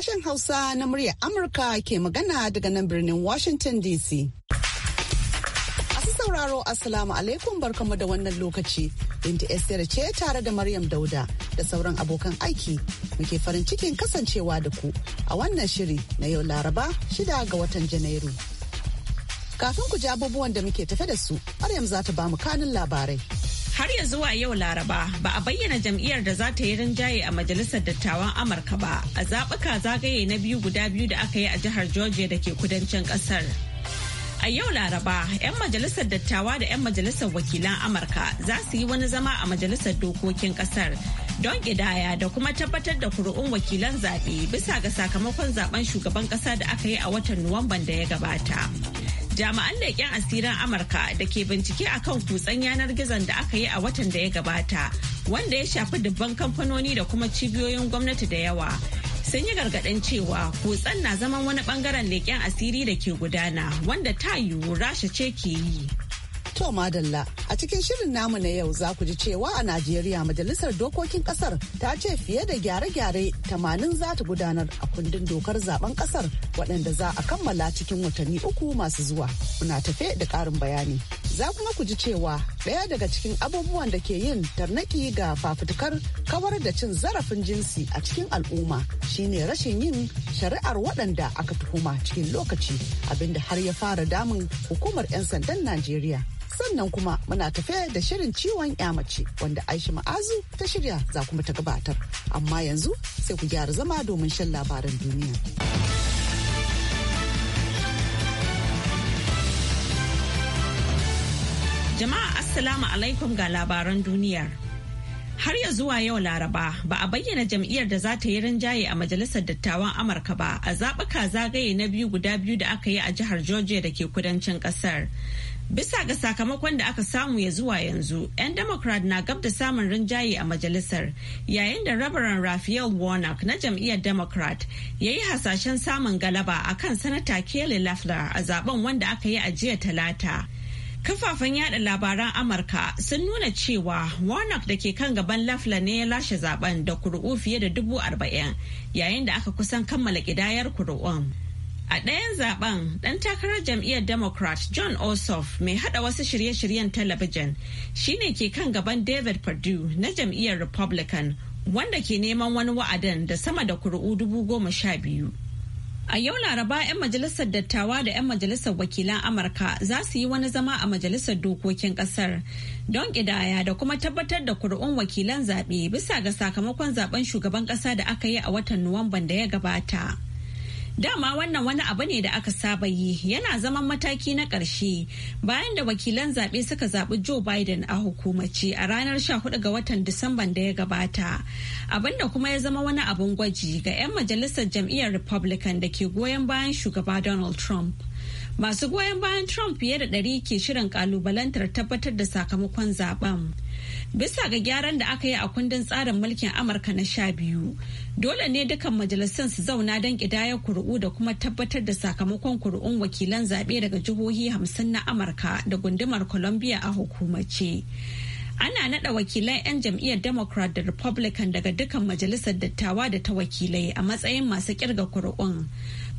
sashen Hausa na muryar Amurka ke magana daga nan birnin Washington DC. Masu sauraro Assalamu alaikum barkamu da wannan lokaci. Binta Esther ce tare da Maryam Dauda da sauran abokan aiki muke farin cikin kasancewa da ku a wannan shiri na yau Laraba shida ga watan Janairu. Kafin ku ji abubuwan da muke tafe da su, Maryam za ta ba mu kanin labarai. Har ya zuwa yau Laraba ba a bayyana jam'iyyar da za ta yi rinjaye a Majalisar Dattawan Amurka ba a zaɓuka zagaye na biyu guda biyu da aka yi a jihar Georgia da ke kudancin ƙasar. A yau Laraba, 'yan majalisar dattawa da 'yan majalisar wakilan Amurka za su yi wani zama a majalisar dokokin kasar don gidaya da kuma tabbatar da kuri'un wakilan zaɓe bisa ga sakamakon zaben shugaban ƙasa da aka yi a watan Nuwamban da ya gabata. jami'an leƙen asirin amurka da ke bincike a kan kutsen yanar gizon da aka yi a watan da ya gabata wanda ya shafi dubban kamfanoni da kuma cibiyoyin gwamnati da yawa sun yi gargaɗin cewa kutsen na zaman wani bangaren leƙen asiri da ke gudana wanda ta yiwu rasha ce ke yi To madalla a cikin shirin namu na yau za ku ji cewa a Najeriya majalisar dokokin kasar ta ce fiye da gyare-gyare tamanin za ta gudanar a kundin dokar zaben kasar waɗanda za a kammala cikin watanni uku masu zuwa. kuna tafe da ƙarin bayani. Za kuma ku ji cewa ɗaya daga cikin abubuwan da ke yin tarnaki ga fafutukar kawar da cin zarafin jinsi a cikin al'umma shine rashin yin shari'ar waɗanda aka tuhuma cikin lokaci abinda har ya fara damun hukumar 'yan sandan Najeriya. sannan kuma muna tafe da shirin ciwon mace wanda aisha ma'azu ta shirya za kuma ta gabatar amma yanzu sai ku gyara zama domin shan labaran duniya jama'a assalamu alaikum ga labaran duniyar har ya zuwa yau laraba ba a bayyana jam'iyyar da za ta yi rinjaye a majalisar dattawan amurka ba a zaɓuka zagaye na biyu guda biyu da aka yi a jihar georgia da ke kudancin ƙasar. Bisa ga sakamakon da aka samu ya zuwa yanzu, 'yan Democrat na gab da samun rinjaye a majalisar yayin da rabaran Raphael Warnock na jam'iyyar Democrat ya yi hasashen samun galaba a kan Sanata Kelly Loeffler a zaben wanda aka yi a jiya talata. Kafafen yada labaran Amurka sun nuna cewa Warnock da ke kan gaban Loeffler ne ya lashe zaben da kuri'u fiye da dubu arba'in yayin da aka kusan kammala ƙidayar kuri'un. A ɗayan zaben ɗan takarar jam'iyyar Democrat John Ossoff mai haɗa wasu shirye-shiryen talabijin shi ne ke kan gaban David Perdue na jam'iyyar Republican wanda ke neman wani wa'adin da sama da kuri'u dubu goma sha biyu. A yau Laraba 'yan majalisar dattawa da 'yan majalisar wakilan Amurka za su yi wani zama a majalisar dokokin ƙasar don ƙidaya da kuma tabbatar da kuri'un wakilan zaɓe bisa ga sakamakon zaben shugaban ƙasa da aka yi a watan Nuwamban da ya gabata. Dama wannan wani abu ne da aka saba yi yana zaman mataki na ƙarshe bayan da wakilan zaɓe suka zaɓi Joe Biden a hukumace a ranar 14 ga watan Disamban da ya gabata. Abinda kuma ya zama wani abin gwaji ga 'yan majalisar jam'iyyar Republican da ke goyon bayan shugaba Donald Trump. Masu goyon bayan Trump fiye da ɗari ke shirin kalubalantar tabbatar da sakamakon zaben. bisa ga gyaran da aka yi a kundin tsarin mulkin amurka na sha biyu dole ne dukkan majalisun su zauna don ƙidayar kuri'u da kuma tabbatar da sakamakon kuri'un wakilan zaɓe daga jihohi hamsin na amurka da gundumar columbia a hukumace ana naɗa wakilan 'yan jam'iyyar democrat da republican daga dukkan majalisar dattawa da ta wakilai a matsayin masu kirga kuri'un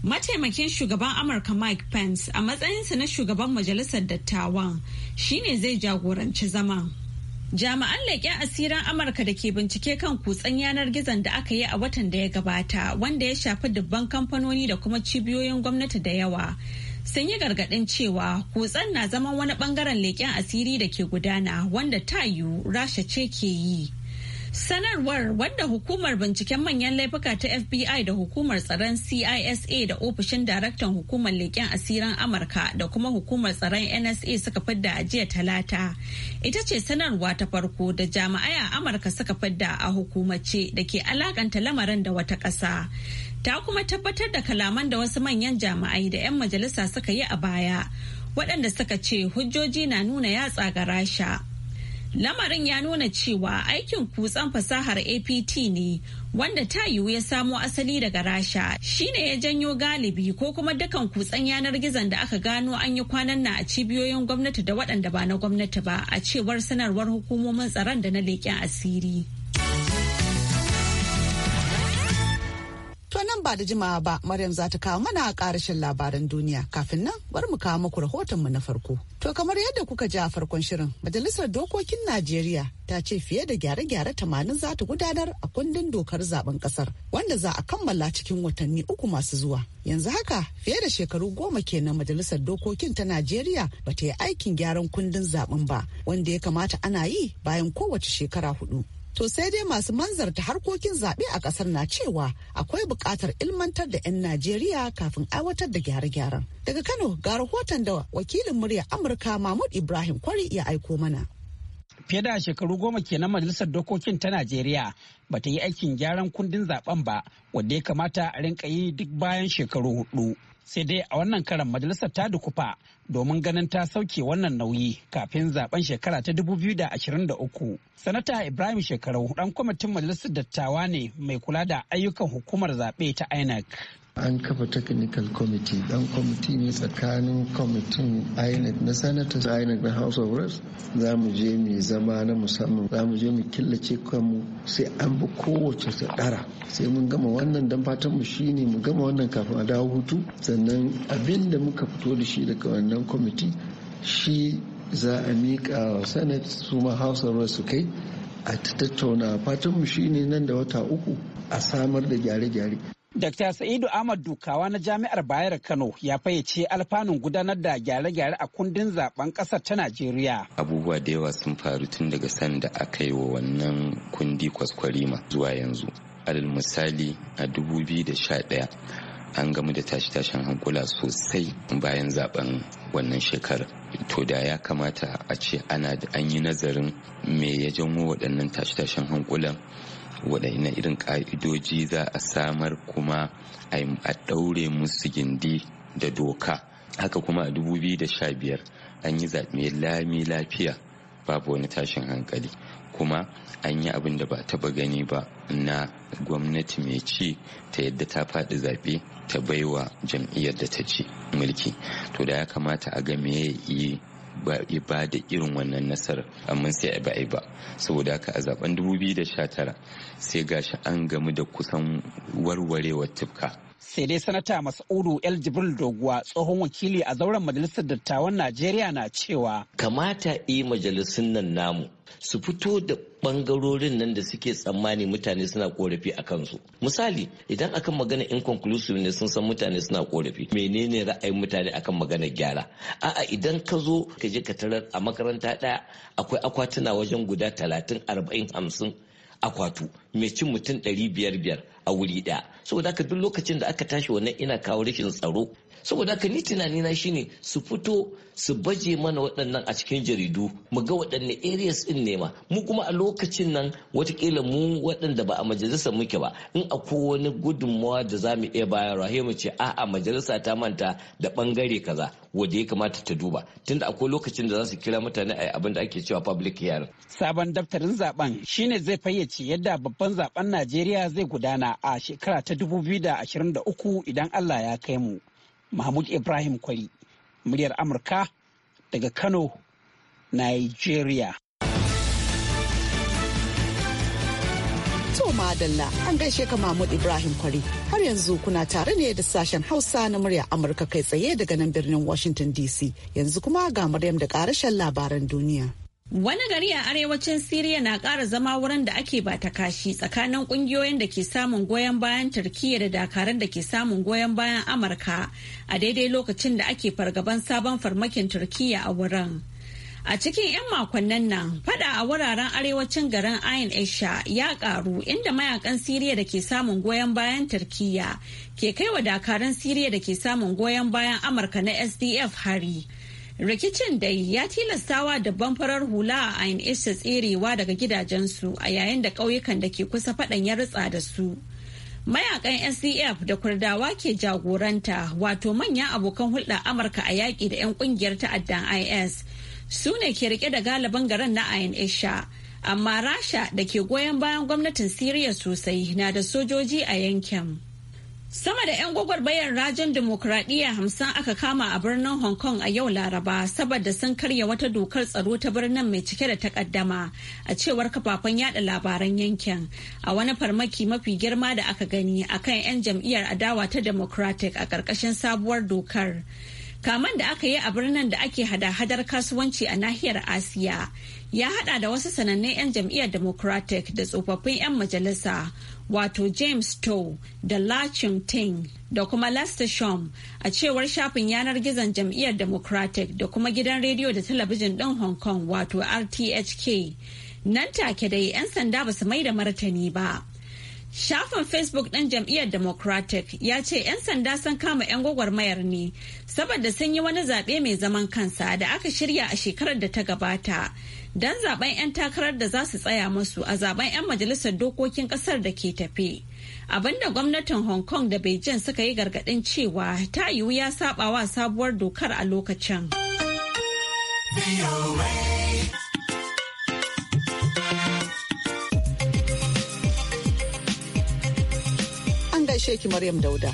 Mataimakin shugaban Amurka Mike Pence a matsayinsa na shugaban majalisar dattawan shine zai jagoranci zaman. Jami'an leƙen asirin Amurka da ke bincike kan kutsen yanar gizon da aka yi a watan da ya gabata wanda ya shafi dubban kamfanoni da kuma cibiyoyin gwamnati da yawa. Sun yi gargaɗin cewa kutsen na zama wani ɓangaren leƙen asiri da ke gudana wanda ta yiwu rasha ce ke yi. Sanarwar wadda hukumar binciken manyan laifuka ta FBI da hukumar tsaron CISA da ofishin daraktan hukumar leƙen asirin Amurka da kuma hukumar tsaron NSA suka fidda a jiya talata. Ita ce sanarwa ta farko da jami'ai a Amurka suka fidda a hukumace da ke alakanta lamarin da wata ƙasa. Ta kuma tabbatar da kalaman da wasu manyan jami'ai da 'yan majalisa suka yi a baya. waɗanda suka ce hujjoji na nuna yatsa ga rasha Lamarin ya nuna cewa aikin kutsen fasahar APT ne wanda ta yiwu ya samo asali daga rasha shi ne ya janyo galibi ko kuma dukan kutsen yanar gizon da aka gano an yi kwanan na a cibiyoyin gwamnati da waɗanda ba na gwamnati ba a cewar sanarwar hukumomin tsaron da na leƙen asiri. To nan ba da jimawa ba Maryam za ta kawo mana a karashin labaran duniya kafin nan bari mu kawo muku mu na farko. To kamar yadda kuka ji a farkon shirin Majalisar Dokokin Najeriya ta ce fiye da gyare-gyare tamanin za ta gudanar a kundin dokar zaben kasar wanda za a kammala cikin watanni uku masu zuwa. Yanzu haka fiye da shekaru goma kenan Majalisar Dokokin ta Najeriya ba ta yi aikin gyaran kundin zaben ba wanda ya kamata ana yi bayan kowace shekara hudu. To sai dai masu manzarta harkokin zaɓe a ƙasar na cewa akwai buƙatar ilmantar da 'yan Najeriya kafin aiwatar da gyare-gyaren. Daga Kano ga rahoton da wakilin murya Amurka Mahmud Ibrahim Kwari ya aiko mana. Fiye da shekaru goma kenan majalisar dokokin ta Najeriya ba ta yi aikin gyaran kundin zaɓen ba wadda ya kamata a rinka yi duk bayan shekaru hudu. sai dai a wannan karan majalisar ta dukufa domin ganin ta sauke wannan nauyi kafin zaben shekara ta 2023 sanata ibrahim shekarau dan kwamitin majalisar dattawa ne mai kula da ayyukan hukumar zaɓe ta inec an kafa technical committee dan committee ne tsakanin kwamitin inec na senators inec na house of reps za mu je mu zama na musamman za mu je mu killace kanmu sai an bi kowace sadara sai mun gama wannan dan fatan mu shine mu gama wannan kafin a dawo hutu sannan abin da muka fito da shi daga wannan committee. shi za a miƙa wa senate su ma house of reps su kai a tattauna fatan mu shine nan da wata uku a samar da gyare-gyare Dr. Sa'idu Ahmad Dukawa na Jami'ar Bayar Kano ya fayyace alfanun gudanar da gyare-gyare a kundin zaben ƙasar ta Najeriya. Abubuwa da yawa sun faru tun daga sanda aka yi wa wannan kundi kwaskwarima zuwa yanzu. Alal misali a 2011 an gamu da tashi-tashin hankula sosai bayan zaben wannan shekarar. To da ya kamata a ce ana da an yi nazarin me ya janwo waɗannan tashi tashen hankulan waɗanne irin ƙa'idoji za a samar kuma a ɗaure musu gindi da doka haka kuma a 2015 an yi zaɓe lami lafiya babu wani tashin hankali kuma an yi abin da ba taɓa gani ba na gwamnati mai ci ta yadda ta faɗi zaɓe ta baiwa jam'iyyar da ta ci mulki to da ya kamata a ga me yi ya ba da irin wannan nasarar amma sai a ba a ba saboda haka a zaben 2019 sai gashi an gamu da kusan warwarewar tufka. sai dai sanata mas'udu el jibril doguwa tsohon wakili a zauren majalisar dattawan najeriya na cewa kamata i majalisun nan namu su fito da bangarorin nan da suke tsammani mutane suna korafi a kansu misali idan akan magana inconclusive ne sun san mutane suna korafi menene ra'ayin mutane akan magana gyara a'a idan ka zo ka je ka tarar a makaranta ɗaya akwai akwatuna wajen guda talatin arba'in hamsin akwatu mai cin mutum ɗari biyar biyar a wuri ɗaya saboda haka duk lokacin da aka tashi wannan ina kawo rashin tsaro saboda haka ni tunani na shine su fito su baje mana waɗannan a cikin jaridu mu ga waɗanne areas din nema mu kuma a lokacin nan watakila mu waɗanda ba a majalisa muke ba in akwai wani gudunmawa da za mu iya bayarwa sai mu ce a majalisa ta manta da ɓangare kaza wanda ya kamata ta duba tunda akwai lokacin da za su kira mutane a abin da ake cewa public hearing. Sabon daftarin zaben shine zai fayyace yadda babban zaben Najeriya zai gudana a shekara ta 2023 idan Allah ya kai mu. mahmud ibrahim kwari muryar amurka daga kano nigeria To madalla an gaishe ka Mahmud Ibrahim Kwari har yanzu kuna tare ne da sashen Hausa na murya Amurka kai tsaye daga nan birnin Washington DC yanzu kuma ga Maryam da karashen labaran duniya. Wani gari a arewacin Siriya na ƙara zama wurin da ake ba ta kashi tsakanin ƙungiyoyin da ke samun goyon bayan Turkiyya da dakarun da ke samun goyon bayan Amurka a daidai lokacin da ake fargaban sabon farmakin Turkiyya a wurin. A cikin 'yan makonnin nan, fada a wuraren arewacin garin Ayin Aisha ya karu inda mayakan Siriya da ke samun goyon bayan Turkiyya ke kaiwa dakarun Siriya da ke samun goyon bayan Amurka na SDF hari. rikicin dai ya tilastawa dabban farar hula a ainihin tserewa daga gidajensu a yayin da ƙauyukan da ke kusa faɗan ya ritsa da su mayakan sdf da kurdawa ke jagoranta wato manyan abokan hulɗa amurka a yaƙi da 'yan ƙungiyar ta'addan is su ne ke rike da galibin garin na ayin amma rasha da ke goyon bayan gwamnatin siriya sosai na da sojoji a yankin. Sama da 'yan gwagwarbayar rajin demokuraɗiyya hamsin aka kama a birnin Hong Kong a yau Laraba saboda sun karya wata dokar tsaro ta birnin mai cike da takaddama a cewar kafafen yada labaran yankin a wani farmaki mafi girma da aka gani akan 'yan jam'iyyar adawa ta Democratic a ƙarƙashin sabuwar dokar. Kaman da aka yi a birnin da ake hada-hadar kasuwanci a nahiyar Asiya ya hada da wasu sanannen 'yan jam'iyyar Democratic da tsofaffin 'yan majalisa wato James Toe da La Ting da kuma Lester Shom a cewar shafin yanar gizon jam'iyyar Democratic da kuma gidan rediyo da talabijin ɗin Hong Kong wato RTHK. Nan take dai 'yan sanda ba su mai da martani ba. Shafin Facebook ɗin jam'iyyar Democratic ya ce 'yan sanda sun kama 'yan gwagwarmayar ne saboda sun yi wani zaɓe mai zaman kansa da aka shirya a shekarar da ta gabata don zaɓen 'yan takarar da za su tsaya musu a zaɓen 'yan majalisar dokokin ƙasar da ke tafe. Abinda gwamnatin Hong Kong da Beijing suka yi gargaɗin cewa ta yiwu ya saɓawa sabuwar dokar a lokacin. Sheki Maryam Dauda.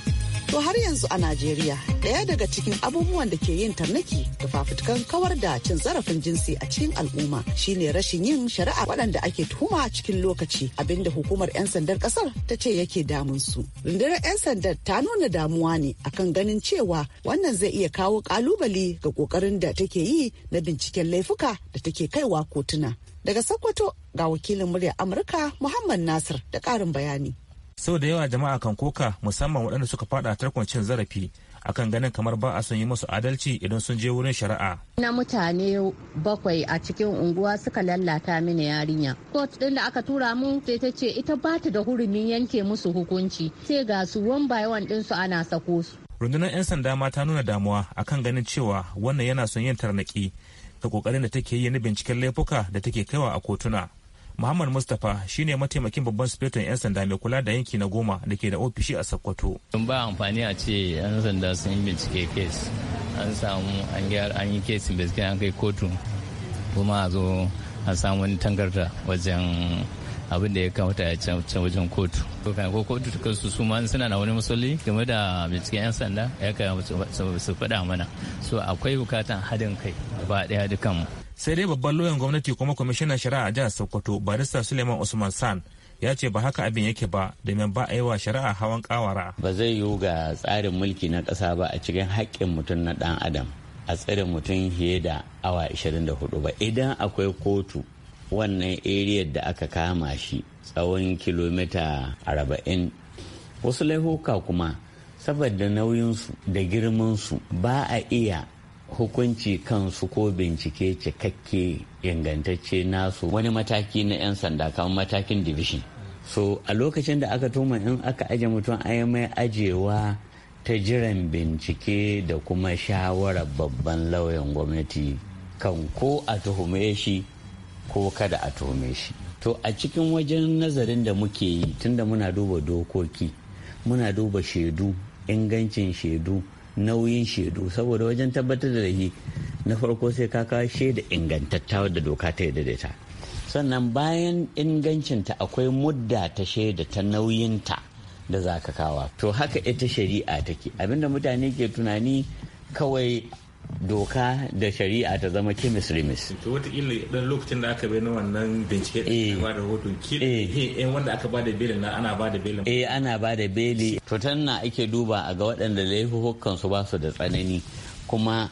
To har yanzu a Najeriya ɗaya daga cikin abubuwan da ke yin tarnaki da fafutukan kawar da cin zarafin jinsi a cikin al'umma shine rashin yin shari'a waɗanda ake tuhuma cikin lokaci abinda hukumar 'yan sandar ƙasar ta ce yake damun su. Rundunar 'yan sandar ta nuna damuwa ne akan ganin cewa wannan zai iya kawo ƙalubale ga ƙoƙarin da take yi na binciken laifuka da take kaiwa kotuna. Daga Sokoto ga wakilin murya Amurka Muhammad Nasir da ƙarin bayani. sau da yawa jama'a kan koka musamman waɗanda suka fada tarkon cin zarafi akan ganin kamar ba a son yi musu adalci idan sun je wurin shari'a. Na mutane bakwai a cikin unguwa suka lallata mini yarinya. Kot din da aka tura mu sai ta ce ita ba ta da hurumin yanke musu hukunci sai ga su wan wan din su ana sako su. Rundunar 'yan sanda ma ta nuna damuwa akan ganin cewa wannan yana son yin tarnaki ta kokarin da take yi na binciken laifuka da take kaiwa a kotuna. Muhammad Mustapha shine mataimakin babban sufetan 'yan sanda mai kula da yanki na goma da ke da ofishi a Sokoto. Tun ba amfani a ce 'yan sanda sun yi bincike kes an samu an gyara an yi kesin bincike an kai kotu kuma a zo an samu wani tangarda wajen abin da ya kamata ya can wajen kotu. Ko kotu ta kansu su ma suna na wani masoli game da binciken 'yan sanda ya kai su faɗa mana. So akwai bukatan haɗin kai ba ɗaya dukanmu. sai dai babban lauyan gwamnati kuma kwamishinan shari'a a jihar sokoto barista suleiman usman san ya ce ba haka abin yake ba domin ba a yi wa shari'a hawan kawara ba zai yiwu ga tsarin mulki na ƙasa ba a cikin haƙƙin mutum na ɗan adam a tsare mutum fiye da awa 24 ba idan akwai kotu wannan eriyar da aka kama shi tsawon kilomita 40 wasu laifuka kuma saboda nauyinsu da girmansu ba a iya hukunci kansu ko bincike cikakke ingantacce nasu wani mataki na 'yan sanda kamar matakin division so a lokacin da aka tuma in aka aje mutum a mai ajewa ta jiran bincike da kuma shawarar babban lauyan gwamnati kan ko a tuhume shi ko kada a tuhume shi to a cikin wajen nazarin da muke yi tunda muna duba dokoki muna duba shaidu ingancin shaidu nauyin shaidu saboda wajen tabbatar da laifi na farko sai ka kawo shaida ingantatta da doka ta daidaita da ta sannan bayan ingancinta akwai mudda ta shaida ta nauyinta da za ka kawa to haka ita shari'a take abinda mutane ke tunani kawai doka da shari'a ta zama kemis remis. to wataƙila dan lokacin da aka bai na wannan bincike da eh. ba da rahoton yan eh. eh, wanda aka ba da beli na ana ba da beli. eh ana ba da beli to na ake duba a ga waɗanda laifukan su ba su da tsanani kuma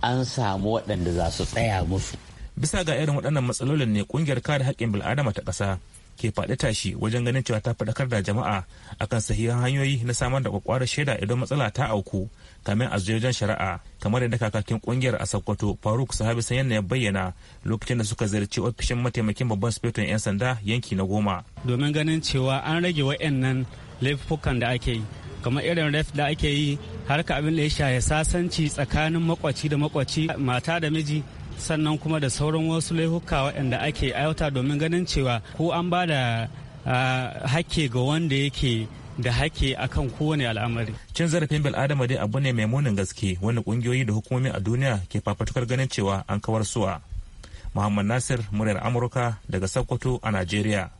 an samu waɗanda za su tsaya musu. bisa ga irin waɗannan matsalolin ne ƙungiyar kare haƙƙin bil'adama ta ƙasa ke faɗi tashi wajen ganin cewa ta faɗakar da jama'a akan sahihan hanyoyi na samar da kwakwarar shaida idan matsala ta auku kamin a wajen shari'a kamar yadda kakakin kungiyar a sakkwato Faruk Sahabi Sanyan ya bayyana lokacin da suka ziyarci ofishin mataimakin babban sufetin 'yan sanda yanki na goma. Domin ganin cewa an rage wa'annan laifukan da ake yi kamar irin ref da ake yi harka abin da ya ya sasanci tsakanin makwaci da makwaci mata da miji sannan kuma da sauran wasu laihuka waɗanda ake aiwata domin ganin cewa ko an ba da hakke ga wanda yake da hake akan kowane al'amari. Cin zarafin bil'adama dai abu ne mai munin gaske wani kungiyoyi da hukumomi a duniya ke fafatukar ganin cewa an kawar suwa. Muhammad Nasir muryar Amurka daga Sokoto a Najeriya.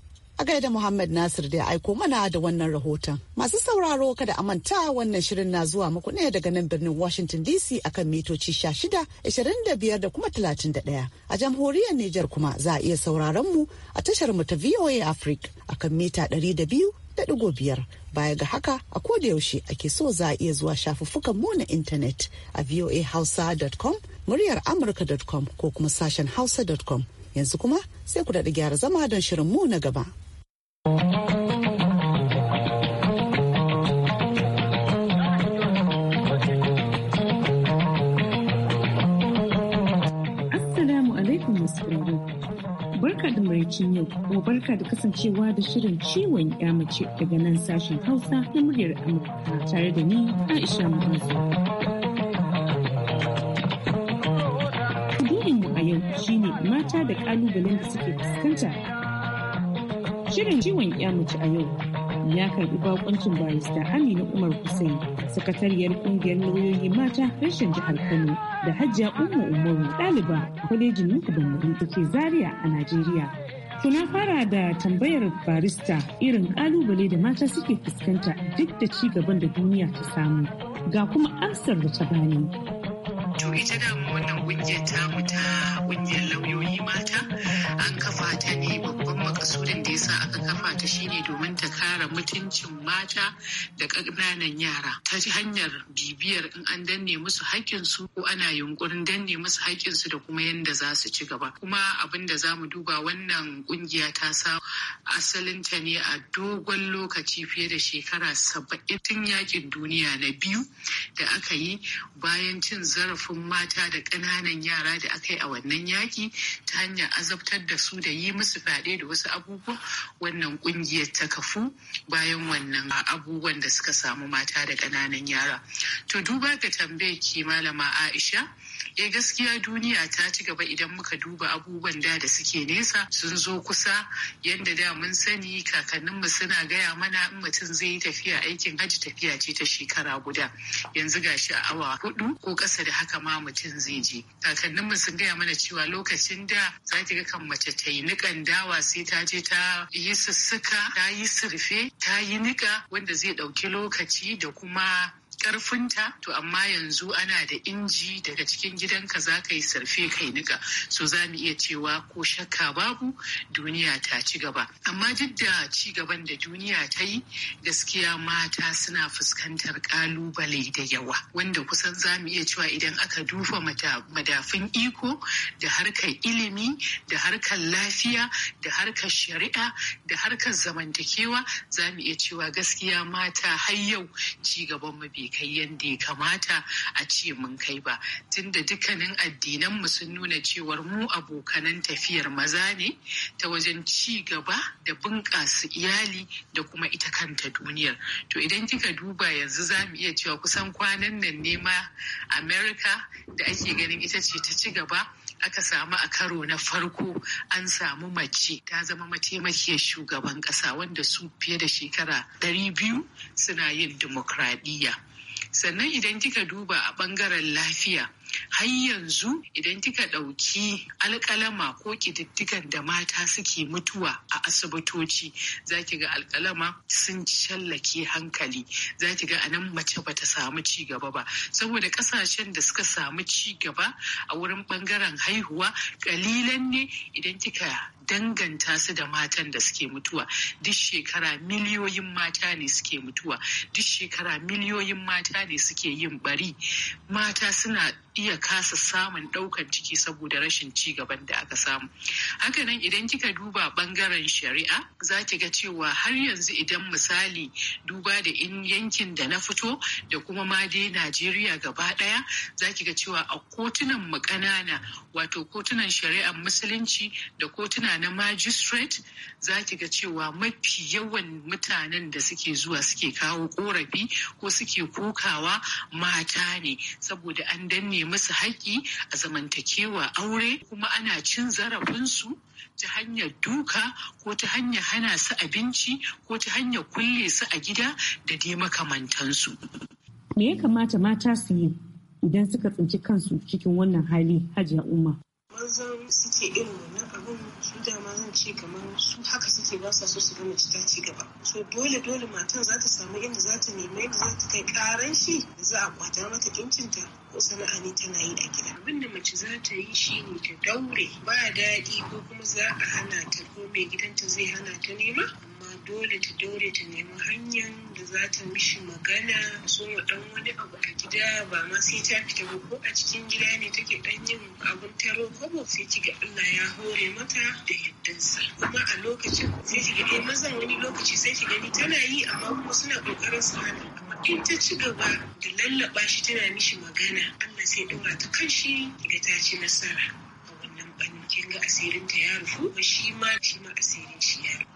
a gaida Muhammad Nasir da ya aiko mana da wannan rahoton. Masu sauraro kada a manta wannan shirin na zuwa muku ne daga nan birnin Washington DC akan mitoci 16, 25 da kuma 31. A jamhuriyar Nijar kuma za a iya sauraron mu a tashar mu ta VOA Africa akan mita 200.5. Baya ga haka a koda yaushe ake so za a iya zuwa shafuffukan mu na intanet a voahausa.com, muryar amurka.com ko kuma sashen hausa.com. Yanzu kuma sai ku daɗi gyara zama don shirin mu na gaba. Assalamu alaikum masu Barka da maraicin yau kuma barka da kasancewa da shirin ciwon ya mace daga nan sashen Hausa na muryar Amurka tare da ni Aisha Muhammad. mu a yau shine mata da ƙalubalen da suke fuskanta Shirin ciwon ya mace a yau ya karbi bakoncin barista Amina Umar Hussein, sakatariyar kungiyar lauyoyi mata reshen jihar Kano da Hajiya Umma Umaru ɗaliba a kwalejin Nukuban da ke Zaria a Najeriya. Tuna fara da tambayar barista irin ƙalubale da mata suke fuskanta duk da ci gaban da duniya ta samu ga kuma amsar da ta bani. To ita da wannan ƙungiyar tamu ta ƙungiyar lauyoyi mata an kafa ta ne babban makasudin da yasa aka kafa ta shine domin ta kare mutuncin mata da ƙananan yara ta hanyar bibiyar in an danne musu haƙƙinsu ko ana yunkurin danne musu haƙƙinsu da kuma yanda za su ci gaba. Kuma abin da za duba wannan ƙungiya ta sa asalinta ne a dogon lokaci fiye da shekara saba'in tun yakin duniya na biyu da aka yi bayan cin zarafin korafin mata da ƙananan yara da aka yi a wannan yaki ta hanyar azabtar da su da yi musu fyaɗe da wasu abubuwa wannan ƙungiyar ta kafu bayan wannan abubuwan da suka samu mata da ƙananan yara to duba ga tambayar ki malama aisha eh gaskiya duniya ta ci gaba idan muka duba abubuwan da da suke nesa sun zo kusa yadda da mun sani kakanninmu suna gaya mana in mutum zai yi tafiya aikin hajji tafiya ce ta shekara guda yanzu gashi a awa hudu ko ƙasa da haka haka mutum zai je kakanninmu sun gaya mana cewa lokacin da za ki ga kan mace ta yi niƙan dawa sai ta je ta yi sussuka ta yi surfe ta yi niƙa wanda zai ɗauki lokaci da kuma karfinta to amma yanzu ana da inji daga cikin gidanka za ka yi sarfe kai nika so za mu iya cewa ko shakka babu duniya ta ci gaba amma duk da ci gaban da duniya ta yi gaskiya mata suna fuskantar kalubale da yawa wanda kusan za mu iya cewa idan aka dufa madafin iko da harkar ilimi da harkar lafiya da harkar shari'a da harkar zamantakewa za mu iya cewa gaskiya mata har yau ci gaban mu bai kai yadda ya kamata a ce mun kai ba tunda dukkanin addinan mu sun nuna cewar mu abokanan tafiyar maza ne ta wajen ci gaba da bunƙasa iyali da kuma ita kanta duniyar to idan kika duba yanzu za mu iya cewa kusan kwanan nan ne ma america da ake ganin ita ce ta ci gaba aka samu a karo na farko an samu mace ta zama mataimakiyar shugaban ƙasa wanda su fiye da shekara 200 suna yin dimokuraɗiyya. sannan idan kika duba a bangaren lafiya har yanzu idan kika ɗauki alƙalama ko ƙididdigan da mata suke mutuwa a asibitoci za ki ga alƙalama sun shallake hankali za ki ga anan mace ba ta samu ci gaba ba saboda ƙasashen da suka samu ci gaba a wurin ɓangaren haihuwa ƙalilan ne idan kika danganta su da matan da suke mutuwa duk shekara miliyoyin mata ne suke mutuwa duk shekara miliyoyin mata ne suke yin bari mata suna iya kasa samun daukan ciki saboda rashin ci gaban da aka samu hakanan idan kika duba bangaren shari'a za ki ga cewa har yanzu idan misali duba da in yankin da na fito da kuma ma dai najeriya gaba daya za ki ga cewa a kotunan mu ƙanana wato kotunan shari'ar musulunci da kotuna na magistrate za ki ga cewa mafi yawan mutanen da suke zuwa suke kawo korafi ko suke kokawa mata ne saboda an danne musu haƙƙi a zamantakewa aure kuma ana cin zarafinsu ta hanyar duka ko ta hanyar hana su abinci ko ta hanyar kulle su a gida da dai makamantansu. Me ya kamata mata su yi idan suka tsinci kansu cikin wannan hali hajiya umma? Mazan suke irin ce kamar su haka suke ba sa so su ga mace ta ci gaba so dole dole matan za ta samu inda za ta nema yadda za ta kai karan shi za a kwata mata kincinta ko sana'a ne tana yi a gida abin da mace za ta yi shi ne ta daure ba daɗi ko kuma za a hana ta ko mai gidanta zai hana ta nema dole ta dole ta nemi hanyar da za ta mishi magana so ya dan wani abu a gida ba ma sai ta fita ba ko a cikin gida ne take dan yin abun taro kobo sai ga Allah ya hore mata da yaddansa kuma a lokacin sai kiga eh mazan wani lokaci sai ki gani tana yi amma kuma suna kokarin su hana amma in ta ci gaba da lallaba shi tana mishi magana Allah sai dora ta kan shi ta ci nasara a wannan bankin ga asirin ta ya rufu shi ma shi ma asirin shi ya rufu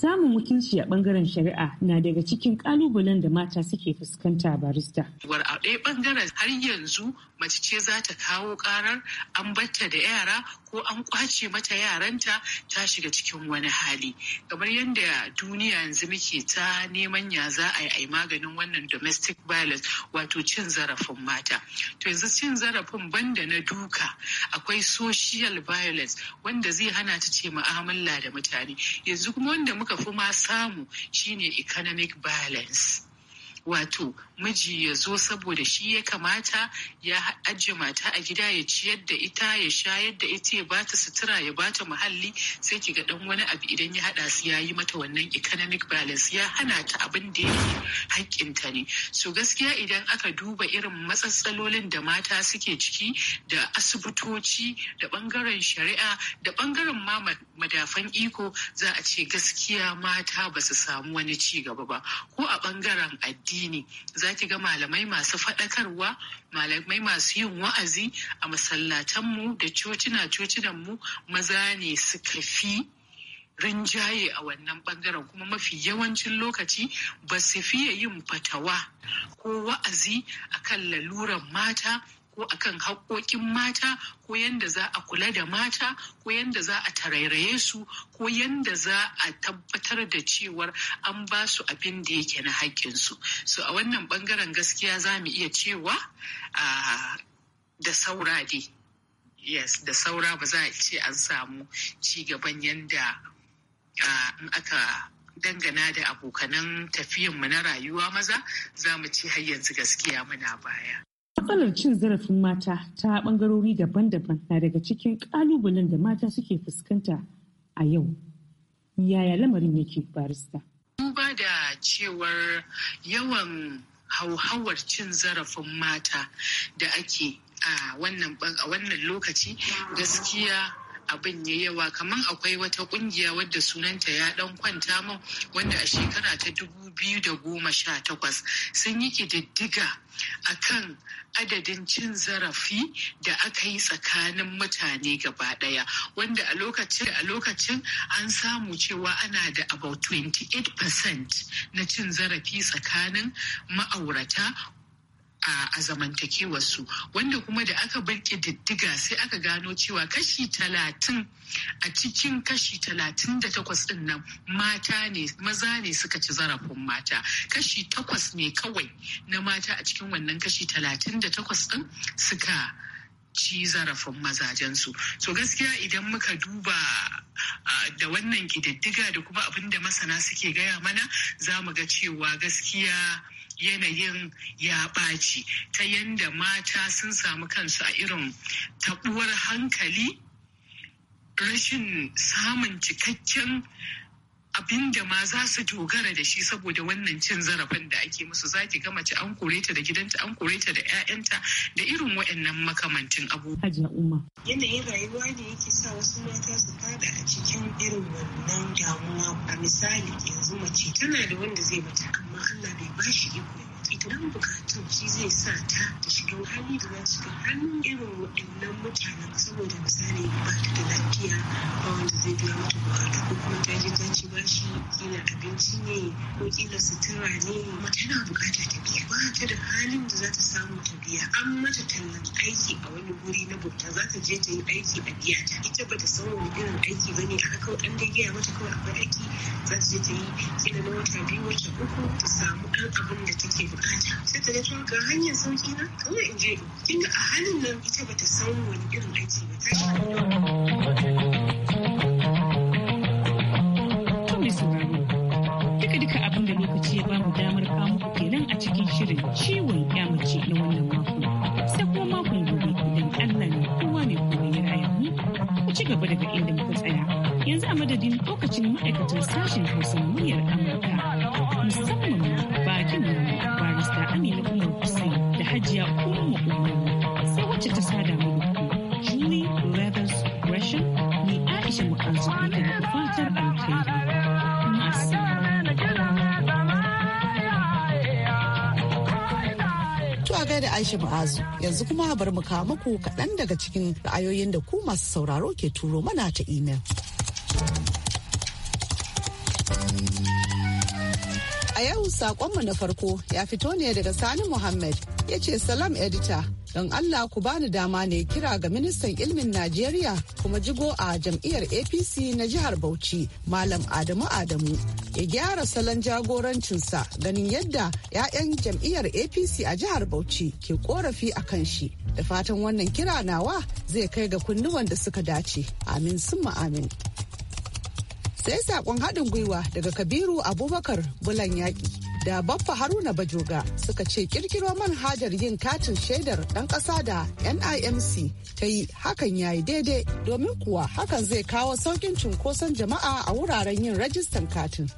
samun mutunci a bangaren shari'a na daga cikin kalubalen da mata suke fuskanta barista. War a ɗaya bangaren har yanzu mace ce za ta kawo karar an batta da yara ko an kwace mata yaranta ta shiga cikin wani hali. Kamar yadda duniya yanzu muke ta neman ya za a yi maganin wannan domestic violence wato cin zarafin mata. To yanzu cin zarafin banda na duka akwai social violence wanda zai hana ta ce mu'amala da mutane. Yanzu kuma wanda muka muka fi ma samu shine economic balance wato miji ya zo saboda shi ya kamata ya ajiye mata a gida ya ciyar da ita ya shayar da ita ya bata sutura ya bata muhalli sai ki ga dan wani abu idan ya hada su ya yi mata wannan economic balance ya hana ta abin da ya haƙƙin ta ne so gaskiya idan aka duba irin matsatsalolin da mata suke ciki da asibitoci da bangaren shari'a da bangaren ma madafan iko za a ce gaskiya mata ba su samu wani ci gaba ba ko a bangaren addini za za ki ga malamai masu faɗakarwa malamai masu yin wa'azi a masallatanmu da cocina cocinanmu maza ne suka fi rinjaye a wannan bangaren kuma mafi yawancin lokaci ba su fiye yin fatawa ko wa'azi a kan laluran mata ko akan haƙoƙin mata ko yadda za a kula da mata ko yadda za a tarairaye su ko yadda za a tabbatar da cewar an ba su abin da yake na haƙƙinsu so a wannan bangaren gaskiya za mu iya cewa da saura dai yes da saura ba za a ce an samu cigaban yadda in aka dangana da abokanan mu na rayuwa maza za mu ci har yanzu gaskiya muna baya. Matsalar cin zarafin mata ta bangarori daban-daban na daga cikin kalubalen da mata suke fuskanta a yau. Yaya lamarin yake barista? Duba da cewar yawan hauhawar cin zarafin mata da ake a wannan lokaci gaskiya abin ya yawa kamar akwai wata kungiya wadda sunanta ya dan kwanta min wanda a shekara ta dubu biyu da goma sha takwas sun yi kididdiga kan adadin cin zarafi da aka yi tsakanin mutane gaba daya wanda a lokacin a lokacin an samu cewa ana da about 28% na cin zarafi tsakanin ma'aurata a su wanda kuma da aka bar diddiga sai aka gano cewa kashi talatin a cikin kashi talatin da takwas din nan mata ne maza ne suka ci zarafin mata kashi takwas ne kawai na mata a cikin wannan kashi talatin da takwas din suka ci zarafin mazajensu so gaskiya idan muka duba da wannan kididdiga da kuma abin da masana suke gaya mana za mu ga cewa gaskiya yanayin ya ɓaci ta yanda mata sun samu kansu a irin taɓuwar hankali rashin samun cikakken abin da ma za su dogara da shi saboda wannan cin zarafin da ake musu za ki ga mace an kore ta da gidanta an kore ta da 'ya'yanta da irin waɗannan makamantin abubuwa. Yanayin rayuwa ne yake sa wasu mata su fada a cikin irin wannan damuwa a misali yanzu mace tana da wanda zai mata amma Allah bai ba shi iko Idan bukatun shi zai sa ta ta shiga hali da za su ga hannun irin waɗannan mutanen saboda misali ba ta da lafiya ba wanda zai biya mata buƙatu. ko kuma ta je ta ba shi kila abinci ne ko kila sutura ne kuma tana bukata ta biya ba ta da halin da za ta samu ta biya an mata tallan aiki a wani wuri na bauta za ta je ta yi aiki a biya ta ita ba ta san wani irin aiki ba ne aka kawai an dai gaya mata kawai akwai aiki za ta je ta yi kila na wata biyu wata uku ta samu ɗan abin da take bukata hanya sai ta ga ga hanyar sauki na kawai in je kin ga a halin nan ita bata san wani irin aiki ba ta Duka duka abin da lokaci ya bamu damar kamu a cikin shirin ciwon mace na wannan mako. kuma gobe idan Allah ne kowa ne kowa ya raya mu ku ci gaba daga inda muka tsaya. Yanzu a madadin lokacin ma'aikatan sashen Hausa muryar Amurka. nake muku fatar Aisha Ma'azu yanzu kuma bar mu kawo muku kaɗan daga cikin ra'ayoyin da ku masu sauraro ke turo mana ta imel. A yau saƙonmu na farko ya fito ne daga Sani Muhammad ya ce salam edita Don Allah ku bani dama ne kira ga ministan ilmin Najeriya kuma jigo a jam'iyyar APC na jihar Bauchi, Malam Adamu Adamu. Ya gyara salon jagorancinsa ganin yadda 'ya'yan jam'iyyar APC a jihar Bauchi ke korafi a kan shi. Da fatan wannan kira nawa zai kai ga kunnuwan da suka dace. Amin summa amin. Sai saƙon haɗin gwiwa daga Kabiru Abubakar Bulan Yaƙi. da Baffa Haruna Bajoga suka ce kirkiro manhajar yin katin shaidar ɗan ƙasa da NIMC ta yi hakan ya yi daidai domin kuwa hakan zai kawo sauƙin cunkoson jama'a a wuraren yin rajistan katin.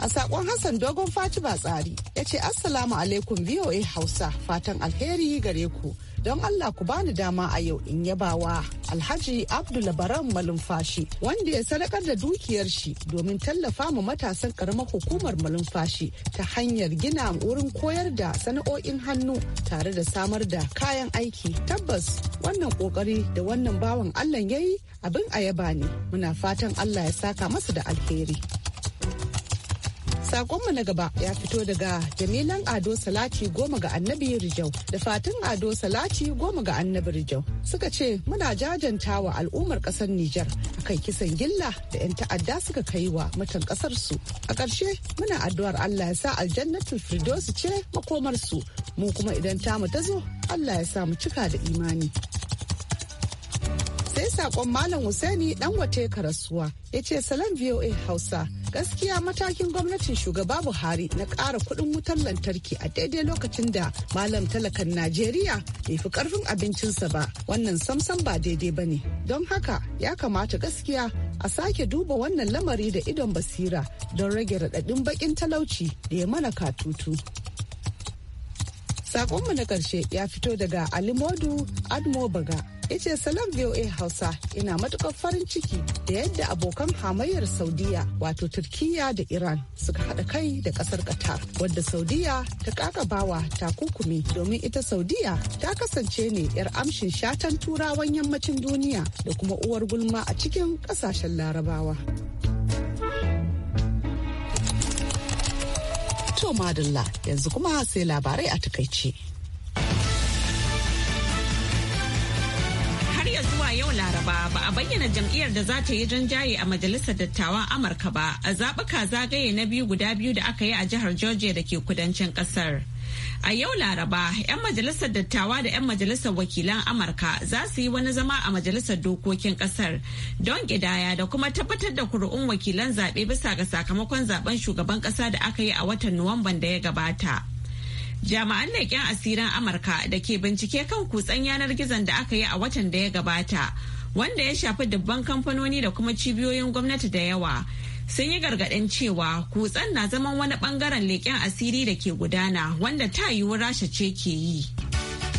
A sakon Hassan Dogon Fatima Tsari ya ce Assalamu alaikum VOA Hausa fatan alheri gare ku. don Allah ku bani dama a yau in yabawa Alhaji abdulbaram Malumfashi wanda ya sadakar da dukiyar shi domin tallafa mu matasan karamar hukumar Malumfashi ta hanyar gina wurin koyar da sana'o'in hannu tare da samar da kayan aiki. Tabbas wannan kokari da wannan bawan Allah yayi abin ayaba ne. Muna fatan Allah ya saka masa da alheri. Sakonmu na gaba ya fito daga Jamilan Ado Salati goma ga Annabi Rijau da Fatin Ado Salati goma ga Annabi Rijau suka ce muna jajanta wa al'ummar kasar Nijar akan kisan gilla da 'yan ta'adda suka kai wa mutan kasar su. A ƙarshe muna addu'ar Allah ya sa aljannatul firdausi ce makomar su mu kuma idan tamu ta zo Allah ya sa mu cika da imani. Sai sakon Malam Husaini dan wate karasuwa ya ce salam VOA Hausa gaskiya matakin gwamnatin shugaba buhari na ƙara kuɗin wutar lantarki a daidai lokacin da malam talakan najeriya bai fi ƙarfin abincinsa ba wannan samsam ba daidai ba ne don haka ya kamata gaskiya a sake duba wannan lamari da idon basira don rage raɗaɗin baƙin talauci da ya mana katutu Sakonmu na ƙarshe ya fito daga Alimodu admobaga Baga ya ce salam voa hausa ina matukar farin ciki da yadda abokan hamayyar saudiya wato turkiya da iran suka haɗa kai da ƙasar qatar wadda saudiya ta kakabawa takunkumi domin ita saudiya ta kasance ne yar amshin shatan turawan yammacin duniya da kuma uwar gulma a cikin ƙasashen larabawa To madalla yanzu kuma sai labarai a takaice. bayyana jam'iyyar da za ta yi janjaye a majalisar dattawan Amurka ba a zaɓuka zagaye na biyu guda biyu da aka yi a jihar Georgia da ke kudancin ƙasar. A yau Laraba, 'yan majalisar dattawa da 'yan majalisar wakilan Amurka za su yi wani zama a majalisar dokokin kasar don ƙidaya da kuma tabbatar da kuri'un wakilan zaɓe bisa ga sakamakon zaben shugaban ƙasa da aka yi a watan Nuwamban da ya gabata. Jami'an leƙen asirin Amurka da ke bincike kan kutsen yanar gizon da aka yi a watan da ya gabata. wanda ya shafi dubban kamfanoni da kuma cibiyoyin gwamnati da yawa sun yi gargaɗin cewa kutsen na zaman wani bangaren leƙen asiri da ke gudana wanda ta yiwu rasha ce ke yi.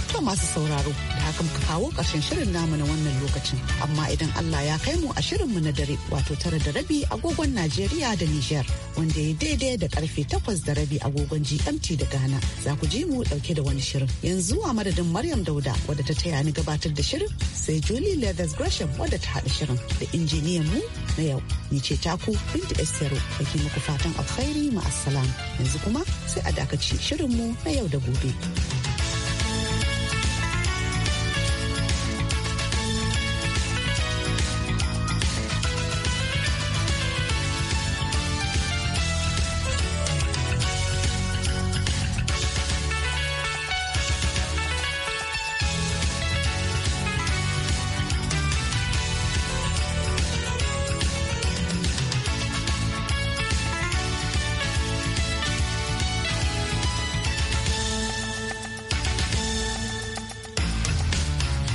To masu sauraro da haka muka kawo ƙarshen shirin namu na wannan lokacin. Amma idan Allah ya kai mu a shirinmu na dare wato tara da rabi agogon Najeriya da niger wanda ya daidai da karfe takwas da rabi agogon GMT da Ghana. Za ku ji mu dauke da wani shirin. Yanzu a madadin Maryam Dauda wadda ta taya ni gabatar da shirin sai Julie Leathers Gresham wadda ta hada shirin da injiniyan mu na yau. Ni ce taku Binta Estero da ke muku fatan alkhairi assalam Yanzu kuma sai a dakaci mu na yau da gobe.